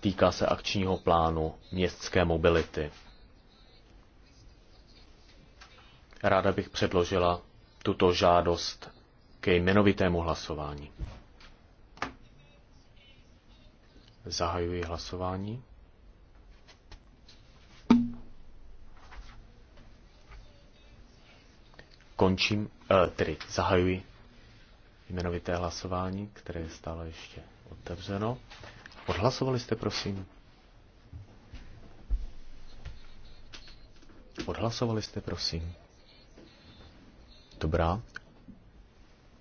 Týká se akčního plánu městské mobility. Ráda bych předložila tuto žádost ke jmenovitému hlasování. Zahajuji hlasování. Končím, eh, tedy zahajuji jmenovité hlasování, které je stále ještě otevřeno. Odhlasovali jste, prosím? Odhlasovali jste, prosím? Dobrá.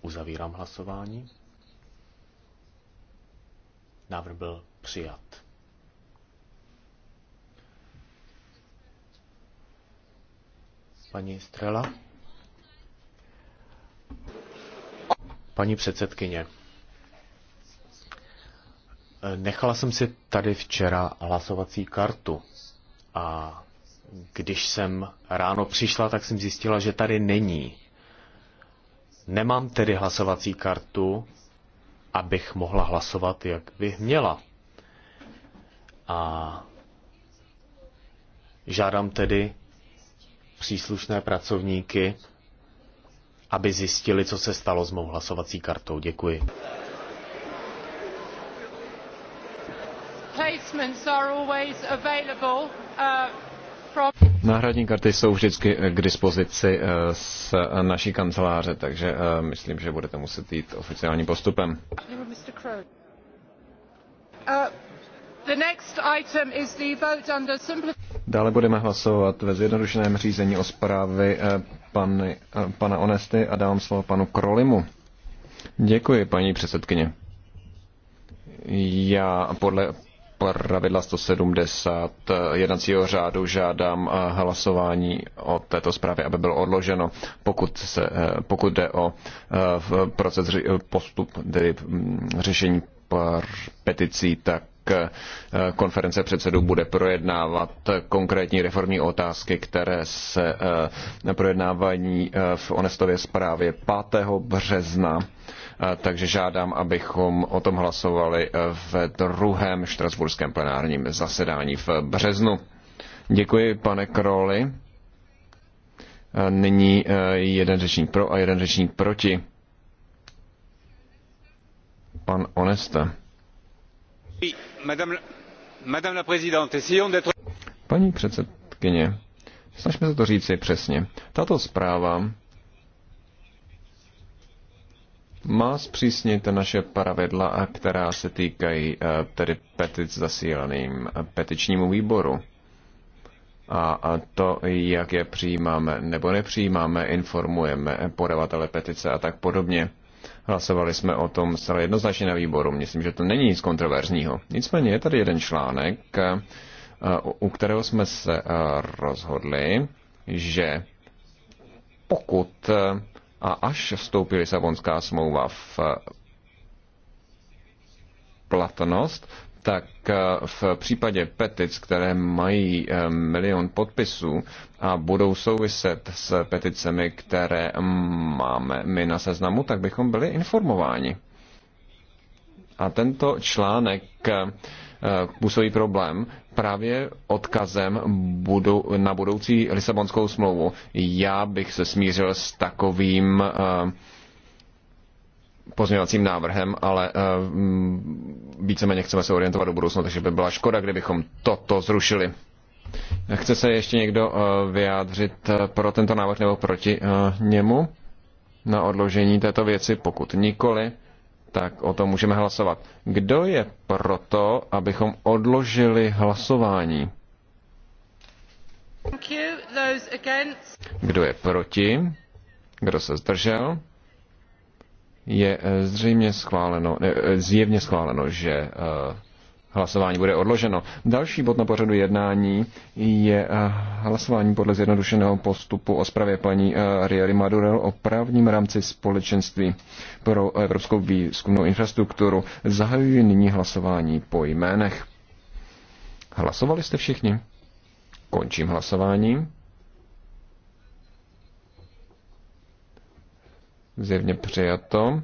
Uzavírám hlasování. Návrh byl přijat. Paní Strela? Paní předsedkyně. Nechala jsem si tady včera hlasovací kartu a když jsem ráno přišla, tak jsem zjistila, že tady není. Nemám tedy hlasovací kartu, abych mohla hlasovat, jak bych měla. A žádám tedy příslušné pracovníky, aby zjistili, co se stalo s mou hlasovací kartou. Děkuji. Uh, Náhradní karty jsou vždycky eh, k dispozici z eh, eh, naší kanceláře, takže myslím, že budete muset jít oficiálním postupem. Uh, Dále budeme hlasovat ve zjednodušeném řízení o zprávy pany, pana Onesty a dávám slovo panu Krolimu. Děkuji, paní předsedkyně. Já podle pravidla 170 jednacího řádu žádám eh, hlasování o této zprávě, aby bylo odloženo, pokud, se, eh, pokud jde o eh, proces postup, tedy mm, řešení peticí, tak Eh, konference předsedů bude projednávat konkrétní reformní otázky, které se eh, projednávání eh, v Onestově zprávě 5. března. Takže žádám, abychom o tom hlasovali v druhém štrasburském plenárním zasedání v březnu. Děkuji, pane Kroly. Nyní jeden řečník pro a jeden řečník proti. Pan Onesta. Paní předsedkyně, snažme se to říci přesně. Tato zpráva má zpřísnit naše pravidla, která se týkají eh, tedy petic zasílaným eh, petičnímu výboru. A to, jak je přijímáme nebo nepřijímáme, informujeme podavatele petice a tak podobně. Hlasovali jsme o tom zcela jednoznačně na výboru. Myslím, že to není nic kontroverzního. Nicméně je tady jeden článek, eh, u kterého jsme se eh, rozhodli, že pokud eh, a až vstoupí Lisabonská smlouva v platnost, tak eh, v případě petic, které mají eh, milion podpisů a budou souviset s peticemi, které máme my na seznamu, tak bychom byli informováni. A tento článek eh, působí problém právě odkazem budu, na budoucí Lisabonskou smlouvu. Já bych se smířil s takovým pozměňovacím návrhem, ale eh, mm, víceméně chceme se orientovat do budoucna, takže by byla škoda, kdybychom toto zrušili. Chce se ještě někdo eh, vyjádřit eh, pro tento návrh nebo proti němu na odložení této věci? Pokud nikoli, tak o tom můžeme hlasovat. Kdo je proto, abychom odložili hlasování? Kdo je proti? Kdo se zdržel? je eh, zřejmě schváleno, ne, eh, zjevně schváleno, že eh, hlasování bude odloženo. Další bod na pořadu jednání je hlasování podle zjednodušeného postupu o zpravě paní Riary Madurel o právním rámci společenství pro evropskou výzkumnou infrastrukturu. Zahajuji nyní hlasování po jménech. Hlasovali jste všichni? Končím hlasování. zjevně přijato.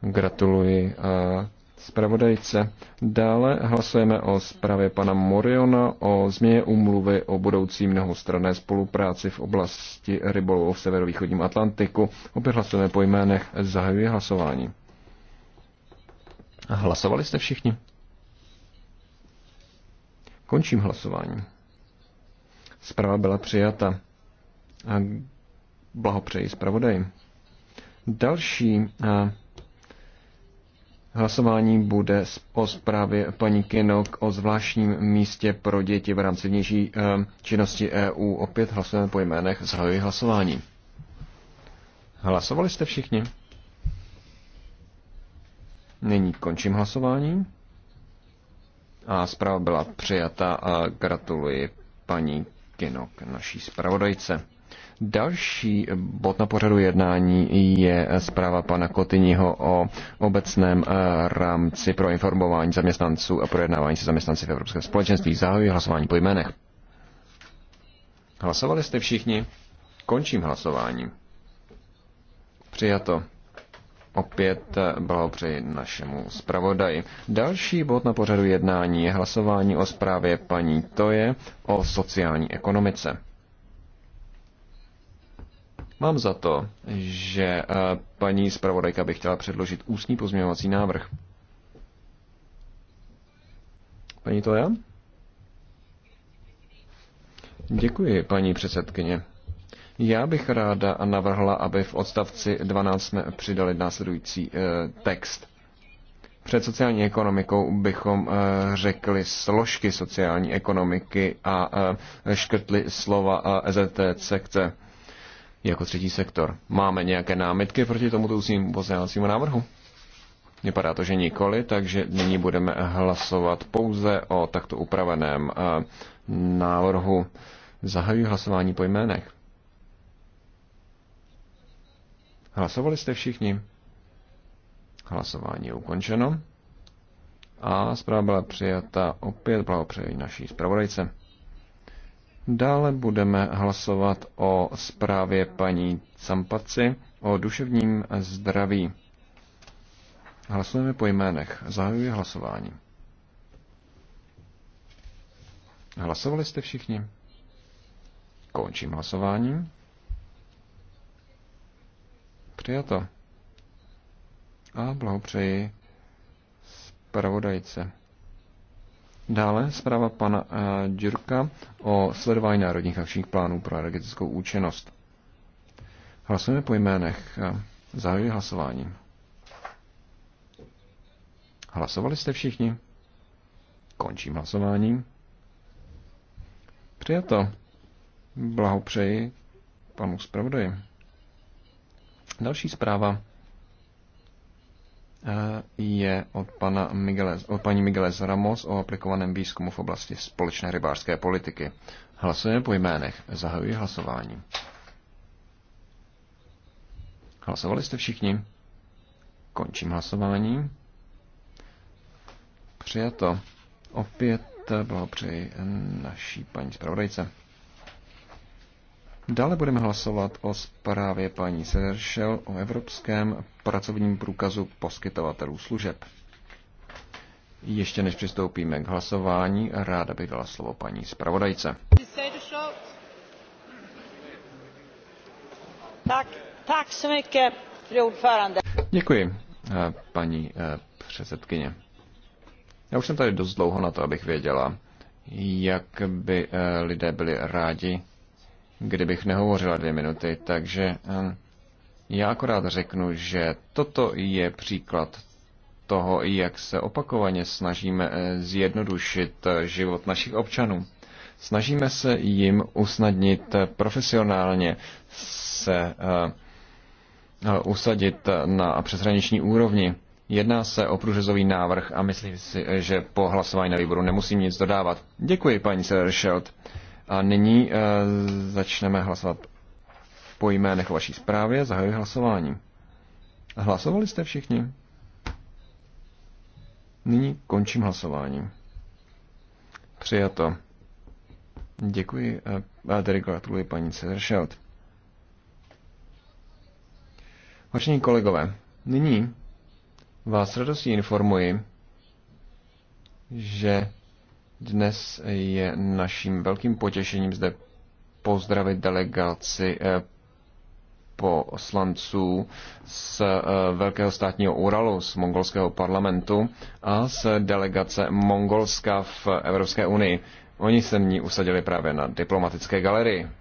Gratuluji eh, zpravodajce. Dále hlasujeme o zprávě pana Moriona o změně úmluvy o budoucí mnohostranné spolupráci v oblasti rybolovu v severovýchodním Atlantiku. Opět hlasujeme po jménech. Zahajuji hlasování. Hlasovali jste všichni? Končím hlasování. Zpráva byla přijata. A blahopřeji zpravodaji. Další eh, hlasování bude o zprávě paní Kinok o zvláštním místě pro děti v rámci vnější eh, činnosti EU. Opět hlasujeme po jménech. Zahajuji hlasování. Hlasovali jste všichni? Nyní končím hlasování. A zpráva byla přijata a gratuluji paní Kinok, naší zpravodajce. Další bod na pořadu jednání je zpráva pana Kotyního o obecném eh, rámci pro informování zaměstnanců a projednávání se zaměstnanci v Evropském společenství. Zahajuji hlasování po jménech. Hlasovali jste všichni? Končím hlasování. Přijato. Opět eh, blahopřeji našemu zpravodaji. Další bod na pořadu jednání je hlasování o zprávě paní Toje o sociální ekonomice. Mám za to, že eh, paní zpravodajka by chtěla předložit ústní pozměňovací návrh. Paní to já? Děkuji, paní předsedkyně. Já bych ráda navrhla, aby v odstavci 12 jsme přidali následující eh, text. Před sociální ekonomikou bychom eh, řekli složky sociální ekonomiky a škrtli slova EZT e sekce jako třetí sektor. Máme nějaké námitky proti tomuto ústnímu pozměňovacímu návrhu? Vypadá to, že nikoli, takže nyní budeme hlasovat pouze o takto upraveném eh, návrhu. Zahajuji hlasování po jménech. Hlasovali jste všichni? Hlasování je ukončeno. A zpráva byla přijata opět blahopřeji naší zpravodajce. Dále budeme hlasovat o zprávě paní Campaci o duševním zdraví. Hlasujeme po jménech. Zahajuji hlasování. Hlasovali jste všichni? Končím hlasování. Přijato. A blahopřeji zpravodajce. Dále zpráva pana Dürka eh, o sledování národních akčních plánů pro energetickou účinnost. Hlasujeme po jménech. Eh, zahajuji hlasování. Hlasovali jste všichni? Končím hlasování. Přijato. Blahopřeji panu zpravodaji. Další zpráva Eh, je od, pana Migueles, od paní Migueles Ramos o aplikovaném výzkumu v oblasti společné rybářské politiky. Hlasujeme po jménech. Zahajuji hlasování. Hlasovali jste všichni? Končím hlasování. Přijato. Opět blahopřeji naší paní zpravodajce. Dále budeme hlasovat o zprávě paní Sederšel o evropském pracovním průkazu poskytovatelů služeb. Ještě než přistoupíme k hlasování, ráda bych dala slovo paní zpravodajce. Děkuji, eh, paní eh, předsedkyně. Já už jsem tady dost dlouho na to, abych věděla, jak by eh, lidé byli rádi, kdybych nehovořila dvě minuty, takže já akorát řeknu, že toto je příklad toho, jak se opakovaně snažíme eh, zjednodušit eh, život našich občanů. Snažíme se jim usnadnit eh, profesionálně se usadit na přeshraniční úrovni. Jedná se o průřezový návrh a myslím si, že po hlasování na výboru nemusím nic dodávat. Děkuji, paní Sederscheld. A nyní eh, začneme hlasovat po jménech vaší zprávě. Zahajuji hlasování. Hlasovali jste všichni? Nyní končím hlasování. Přijato. Děkuji eh, a tedy gratuluji paní Cezeršelt. Vážení kolegové, nyní vás radostí informuji, že dnes je naším velkým potěšením zde pozdravit delegaci eh, poslanců z eh, Velkého státního Uralu, z mongolského parlamentu a z delegace Mongolska v Evropské unii. Oni se mní usadili právě na diplomatické galerii.